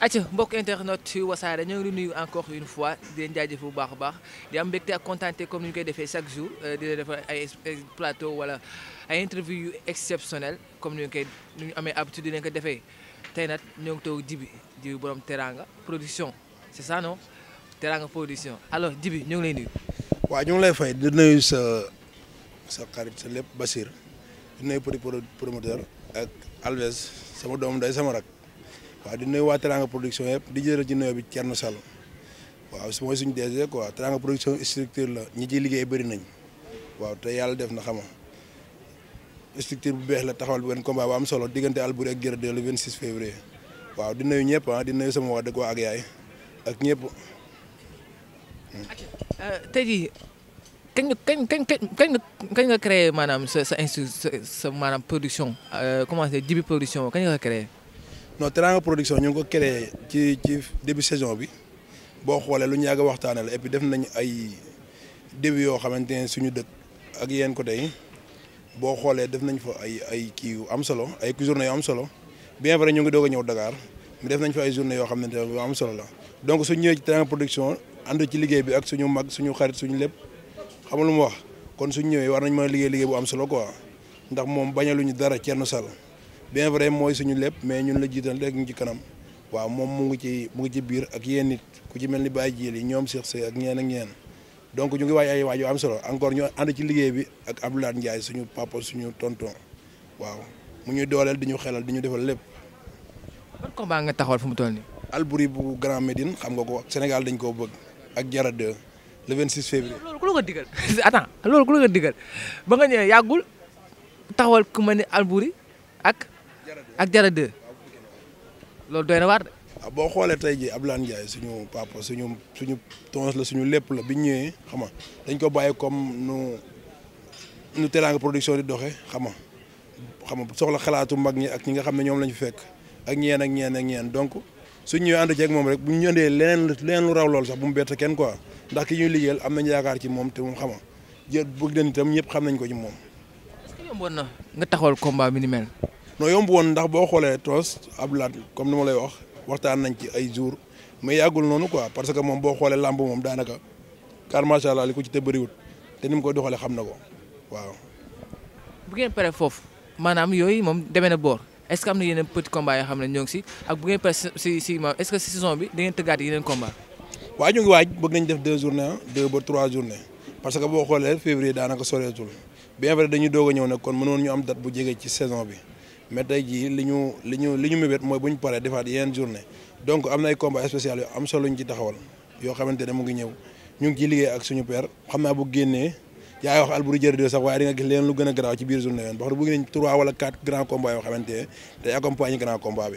acca mbokk internet yu wasaare ñoo ngi di nuyu encore une fois di leen jaajëf baax a baax di am mbégte ak contenté comme ni ñu koy defee chaque jour euh, di leen defal ay plateau wala ay interview exceptionnel comme ni ñu koy nu ñu amee habitude di ko defee tey nag ñoo ngi toog Djiby Djiby borom Teranga production c'est Teranga production alors Djiby ñu ngi lay nuyu. waaw ñu ngi lay fay di nuyu sa sa xarit sa lépp Basir di nuyu petit promoteur ak Alves sama doom day sama rak. waaw di nuyu waa Teranga production yëpp di jëral ci nuyoo bi Thierno Sall waaw mooy suñu DG quoi Teranga production structure la ñu ciy liggéey bari nañ waaw te yàlla def na xama structure bu beex la taxaw bu benn combat bu am solo diggante Albouri ak Gerdé le 26 février waaw di nuyu ñëpp ah di sama waa dëkk ko ak yaay ak ñëpp. Euh, te jii kañ kañ kañ kañ nga kañ maanaam sa sa institut sa maanaam production euh, commencé jibi production kañ nga ko non Teranga production ñu ngi ko créé ci ci début saison bi boo xoolee lu ñu yàgg waxtaanee la et def nañu ay début yoo xamante ne suñu dëkk ak yéen ko yi boo xoolee def nañ fa ay ay kii yu am solo ay journée yu am solo bien vrai ñu ngi doog ñëw Dakar mi def nañ fa ay journée yoo xamante ne am solo la donc suñu ñëwee ci Teranga production ànd ci liggéey bi ak suñu mag suñu xarit suñu lépp xam lu mu wax kon suñu ñëwee war nañ mën liggéey liggéey bu am solo quoi ndax moom bañaluñu dara Thierno Sall bien vrai mooy suñu lépp mais ñun la jiital rek ñu ci kanam waaw moom mu ngi ci mu ngi ci biir ak yéen nit ku ci mel ni Baye Diéli ñoom Cheikh Seye ak ñeen ak ñeen donc ñu ngi waaj ay waaj am solo encore ñu ànd ci liggéey bi ak Abdoulaye Ndiaye suñu papa suñu tonton waaw mu ñuy dooleel di ñu xelal di ñu defal lépp. ban combat nga taxawal fu mu toll nii. Albouri bu Grand Médine xam nga ko Sénégal dañ ko bëgg ak Jara 2 le 26 février. loolu ku la ko digal attends loolu ku la ko digal ba yàggul taxawal ku mel ni Albouri ak Jara 2 loolu doy na waar ah, boo xoolee tey jii laan Ndiaye suñu papa suñu suñu tons la suñu lépp la bu ñëwee xam nga dañ ko bàyyi comme nu nu Teranga Production di doxe xam nga bu nga soxla xalaatu mag ñi ak ñi nga xam ne ñoom lañu fekk ak ñeen ak ñeen ak donc suñ ñëwee ànd moom rek bu ñu ñëndee leneen leneen lu bu mu bett kenn quoi ndax ki ñuy am nañ yaakaar ci moom te moom xam nga jël bëgg nañ itam ñëpp xam nañ ko ñu moom. est na nga taxawal combat bi noo yomb woon ndax boo xoolee toos Abdoulaat comme ni ma lay wax waxtaan nañ ci ay jours mais yàggul noonu quoi parce que moom boo xoolee làmb moom daanaka car macha allah li ko ci te bëriwut te ni mu koy doxalee xam na ko waaw. bu foofu maanaam yooyu moom demee na boor est-ce que am na yeneen xam ne ñoo ngi si ak bu si si si saison bi da ngeen tëggaat yeneen combat. waaw ñu ngi waaj bëgg nañ def deux ah, journées parce que boo xoolee février daanaka soreetul bien vrai dañuy doog a ñëw nag kon mënoon ñu am date bu jege ci saison bi. mais tey jii li ñu li ñu li ñu mébét mooy bu ñu paree defaat yeneen journée donc am na ay combat spécial yu am solo ñu ci taxawal yoo xamante ne mu ngi ñëw ñu ngi ciy liggéey ak suñu père xam naa bu génnee yaay wax Alboury leen lu gën a garaaw biir journée yoon wax dëgg bëgg nañ trois wala quatre ne day accompagner grand combat bi.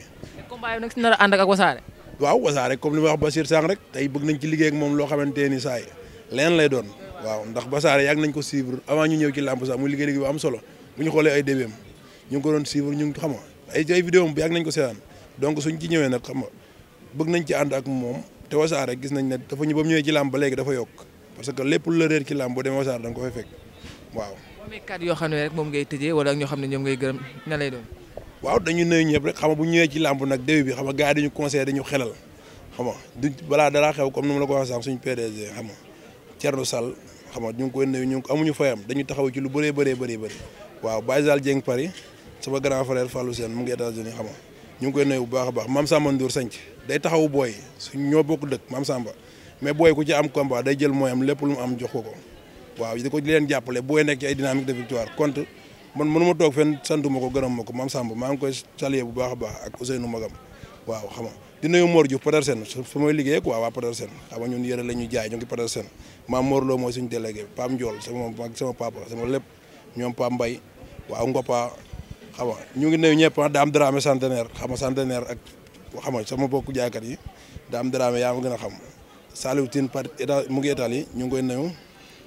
combat a ànd ak rek tey bëgg nañ ci liggéey moom loo xamante ni saa yi leen lay doon waaw ndax basaare yàgg nañ ko suivre avant ñu ñëw ci làmb sax muy liggéey liggéey ñu xoolee ay débeem ñu ngi ko doon suivre ñu ngi xam nga ay ay vidéo ko seetaan donc suñ ci ñëwee nag xam nga nañ ci ànd ak moom te wasaare gis nañ ne dafa ñu ñëwee ci làmb ba dafa yokk parce que lépp la réer ci làmb boo demee wasaare da nga ko yoo xam ne moom ngay tëjee wala ñoo xam ne ñoom ngay gërëm na lay doon. waaw dañu nuyu ñëpp rek xam nga bu ñëwee ci làmb nag déwi bi xam nga gars yi dañu conseillé dañu xelal xam nga du balaa dara xew comme ni la ko waxee sànq suñu PDG xam nga Thierno Sall xam nga ñu ngi koy nuyu ñu amuñu fayam dañu taxaw ci lu bëree bëree bëri bëri waaw Baye Sall Dieng Paris sama grand frère Fallou Sène mu ngi États-Unis xam ñu ngi koy nuyu bu baax a baax Mame Samba Ndour sanc day taxawu booy su ñoo bokk dëkk Mame Samba mais booy ku ci am combat day jël mooy am lépp lu mu am jox ko ko waaw di ko leen jàppale booy nekk ci ay dynamique de victoire contre man mënu ma toog ko gërëm ma ko Mame Samba maa ngi koy saluer bu baax a baax ak Ousseynou Magam waaw xam nga di nuyu Mor Diouf Petersen fu may liggéey quoi waa Petersen xam nga ñun yëre la ñuy jaay ñu ngi Petersen maam Mor Lo mooy suñu délégué Pam Ndiol sama sama papa sama lépp ñoom Pam Mbaye waaw Ngopa xam nga ñu ngi nuyu ñëpp wax Dame Dramé centenaire xam nga centenaire ak xam nga sama bokku jaaykat yi Dame Dramé yaa ma gën xam Saliou Tine par état mu ñu ngi koy nuyu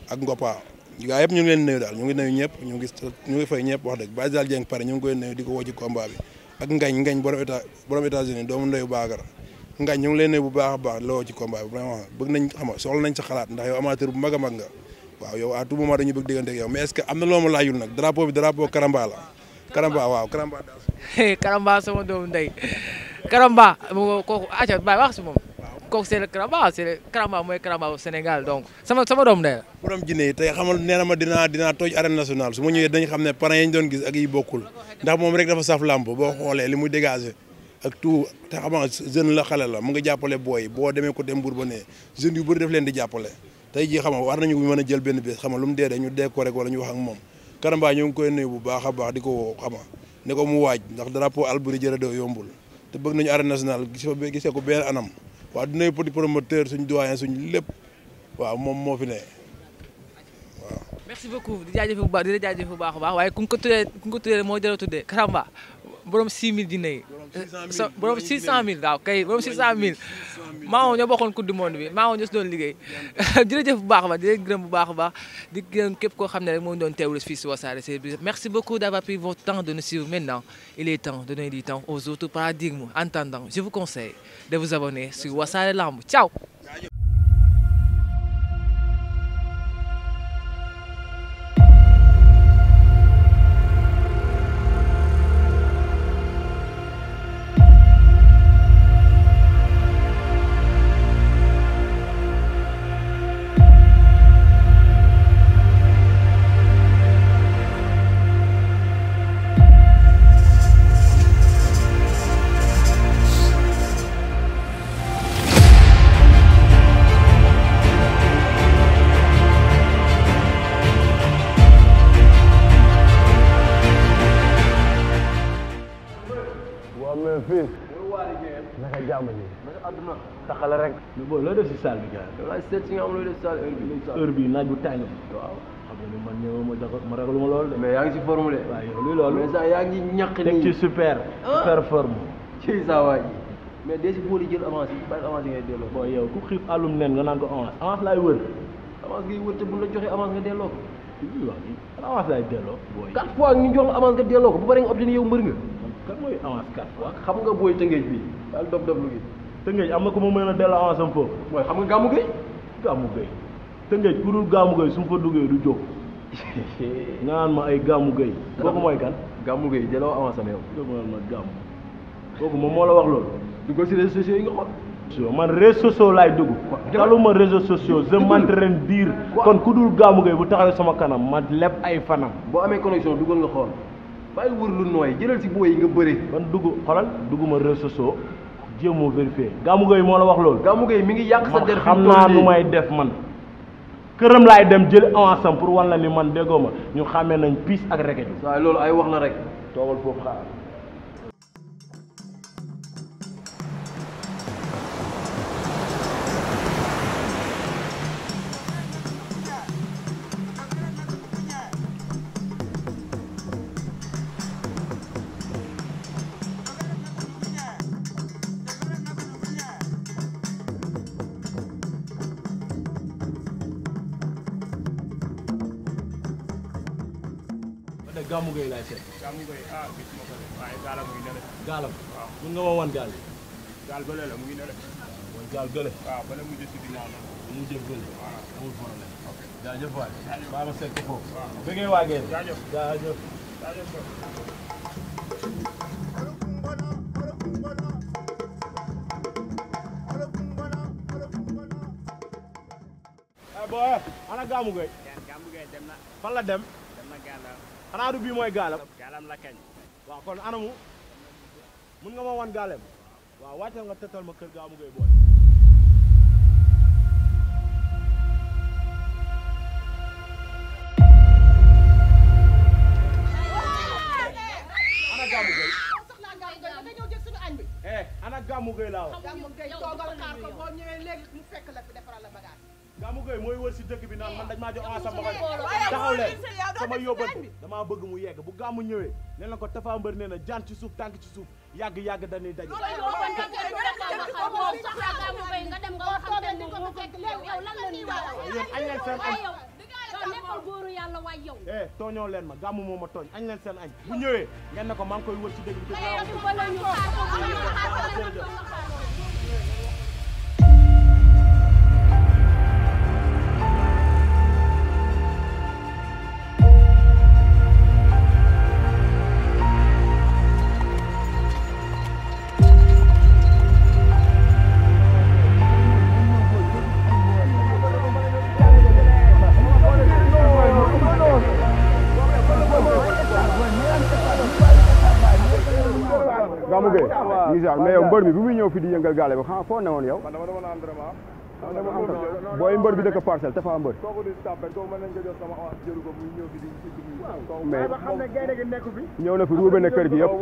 ak Ngopa gaa yëpp ñu ngi leen ñëpp ñu ngi ñu ngi fay ñëpp wax dëgg ñu ngi koy nuyu di ko woo ci combat bi ak ngañ ngañ borom état ñu ngi leen nuyu bu baax a baax la woo ci combat bi vraiment bëgg nañ xam nga soxla nañ sa xalaat ndax yow amateur bu mag a mag nga waaw yow à tout moment dañu bëgg diggante ak mais est am na loo ma laajul nag drapeau bi drapeau Karamba Karamba waaw Karamba. Karamba sama doomu ndey Karamba kooku aca ah, bàyyi wax si moom. kooku c'est le Karamba c'est le Karamba mooy Karamba au Sénégal donc sama sama doomu ndey la. borom jinne yi nee na ma dinaa dinaa tooj arène nationale su ma ñëwee dañ xam ne parents ñu doon gis ak yi bokkul ndax moom rek dafa saf làmb boo xoolee li muy dégager. ak tout te xam nga jeune la xale la mu nga jàppale booy boo demee côté Mbour ba ne jeunes yu bëri daf leen di jàppale tey jii xam nga war nañu mën a jël benn bés xam nga lu mu dee ñu décoré wala ñu wax ak moom Karamba ñoo ngi koy nuyu bu baax a baax di ko woo xama ne ko mu waaj ndax drapeau Alboury Jërëdoo yombul te bëgg nañu arène nationale gisee ko benn anam waaw di nuyu petit promoteur suñu doyen suñu lépp waaw moom moo fi ne waaw. merci beaucoup di jaajëf bu baax di la baax baax waaye ku ko tuddee ku ko tuddee moo jëla tuddee Karamba. borom 6000 dina yi. borom 600000 daaw kay borom 600000. maa ngi ñoo bi maa ngi doon liggéey jërëjëf bu baax a baax di leen gërëm bu baax a baax di gërëm képp koo xam ne rek moo doon teewlu fii si Wassare Service merci beaucoup d'avoir pris votre temps de nous suivre maintenant il est temps de donner du temps aux autres paradigmes en je vous conseille de vous abonner sur Wassare Lamb ciao. jàmm nii. mais àdduna taxala rek. mais booy loo def si salle bi gars yi. waaw seet si nga xam loo def si salle heure bi heure bi naaj bu tàng. waaw xam nga ni man ñëw ma dako ma ragalu ma lool de. mais yaa ngi si forme de. waaw yow luy loolu. mais sax yaa ngi ñàkk nii teg ci super. Oh. super forme. ci saa waay ji mais de si booli jël avance yi bàyyi avance yi ngay delloo. booy yow ku xiif àllum nen nga naan ko avance avance laay wër. avance ngay wër te bu la joxee avance nga delloo ko. waaw avance laay delloo. booy quatre fois ñu jox la avance nga delloo ko bu bari nga obtenir yow mbër nga kan mooy avance quatre fois xam nga booy tëngeej bi ak dof dof lu gi tëngeej am na ko ma mën a delloo avance am foofu mooy xam nga gàmmu gay gàmmu gay tëngeej ku dul gàmmu gay su ma fa duggee du jóg nga naan ma ay gàmmu gay kooku mooy kan gàmmu gay delloo avance am yow déggoon ma kooku moom moo la wax loolu du ko si réseaux sociaux yi nga xool man réseaux sociaux laay dugg taluma réseaux sociaux je m'entraîne dire kon ku dul gaamu gay bu taxawee sama kanam ma leb ay fanam boo amee connexion duggal nga xool bàyyi wër lu nooy jëlal si booy yi nga bëri. man dugg xolal dugguma réseaux sociaux jéem a vérifier Gamou Gueye moo la wax loolu. Gamou Gueye mi ngi yàq sa der xam naa nu may def man. këram laay dem jël avance pour wan la man déggoo ma ñu xàmmee nañ piis ak reket. waaye loolu ay wax na rek. toogal foofu xaar. Gamou Gueye laay seet. Gamou Gueye ah gis ma ko de waaye gaalam mu ngi nële. gaalam waaw mun nga ma wan gaal yi. gaal bële la mu ngi nële. mooy gaal gële. waaw bële mu jëm si ginnaaw la. mu jëm gële. waaw amul problème. ok jaajëf waay. jaajëf maa ma seet ko foofu. waaw bëggee waa Gueye. jaajëf jaajëf. jaajëf eh, boy ana Gamou Gueye. Gamou Gueye dem na. fan la dem. xanaa du bii mooy gaalam. gaalam la kañ. waaw kon anamu mun nga ma wan gaalem waaw wàccal nga tëtal ma kër gaaw eh, mu ngay booy. ana gàmmu gay laa kooku mooy wër si dëkk bi naa man dañ maa jox a sama taxaw leen sama yóbbante damaa bëgg mu yegg bu gàmmu ñëwee nee na ko Tapha Mbeur nee na jaan ci suuf tànk ci suuf yàgg yàgg dañuy daje. eh tooñoo leen ma gàmmu moo ma tooñ añ leen seen añ mu ñëwee ngeen ko maa ngi koy wër si dëkk bi bizarre mais yow mbër mi bi muy ñëw fi di yëngal gaale bi xam foo newoon yow booy mbër bi dëkk parcelle te faa mbër mais ñëw na fi ruube kër gi yëpp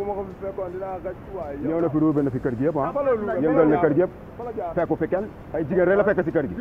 ñëw na fi ruube na fi kër gi yëpp ah, ah yëngal na kër gi yëpp fekku fi kenn ay jigéen rek la fekk si kër gi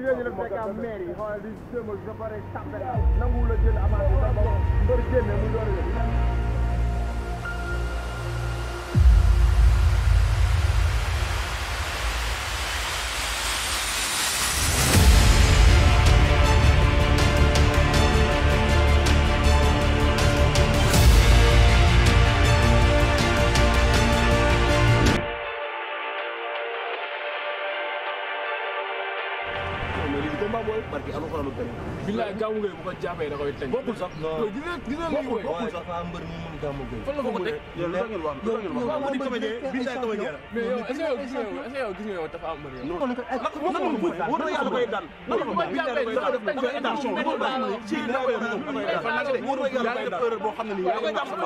gàmmu gëy bu ko jàppee da koy tëj. bokkul sax non gis nga gis nga lii wooy bokkul sax waaye mbër mu mën gàmmu gëy. fan la ko teg yow lu tax ngeen wax lu tax ngeen wax waaw mbër kama jee bi ndax kama jee mais yow est-ce que yow gis nga yow est-ce que yow gis nga yow dafa am mbër yow. non non wóor na yàlla koy daan. non non man jàppee dafa def dafa def état suñu wóor na ci da koy daan wóor na yàlla koy daan boo xam ne nii da koy daan force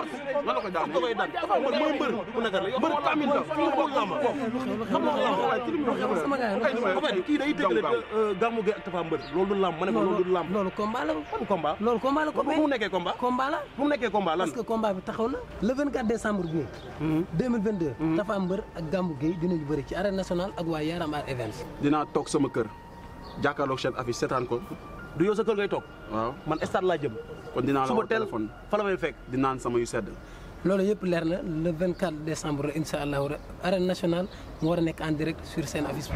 man la koy daan da koy daan dafa am mbër mooy mbër bu nekk la mbër tamit la fi mu bokk làmb xam nga làmb waaye ci li mu wax sama gars yi kii day dégg gàmmu gëy ak dafa mbër loolu du làmb ma ne ko loolu du làmb combat la. ban combat loolu combat la. bu mu nekkee combat combat la. bu mu nekkee combat lan parce que combat bi taxaw na. le 24 décembre bii. 2022. Tapha Mbeur ak Gamou Gueye dinañu bëri ci arène nationale ak waa Yaram Art Events. dinaa toog sama kër jàkkaarloog seen affiche seetaan ko. du yow sa kër ngay toog. waaw man stade laa jëm. kon dinaa la woo téléphone fa la may di naan sama yu sedd. loolu yëpp leer na le 24 décembre incha allah arène nationale mu war a nekk en direct sur seen affiche.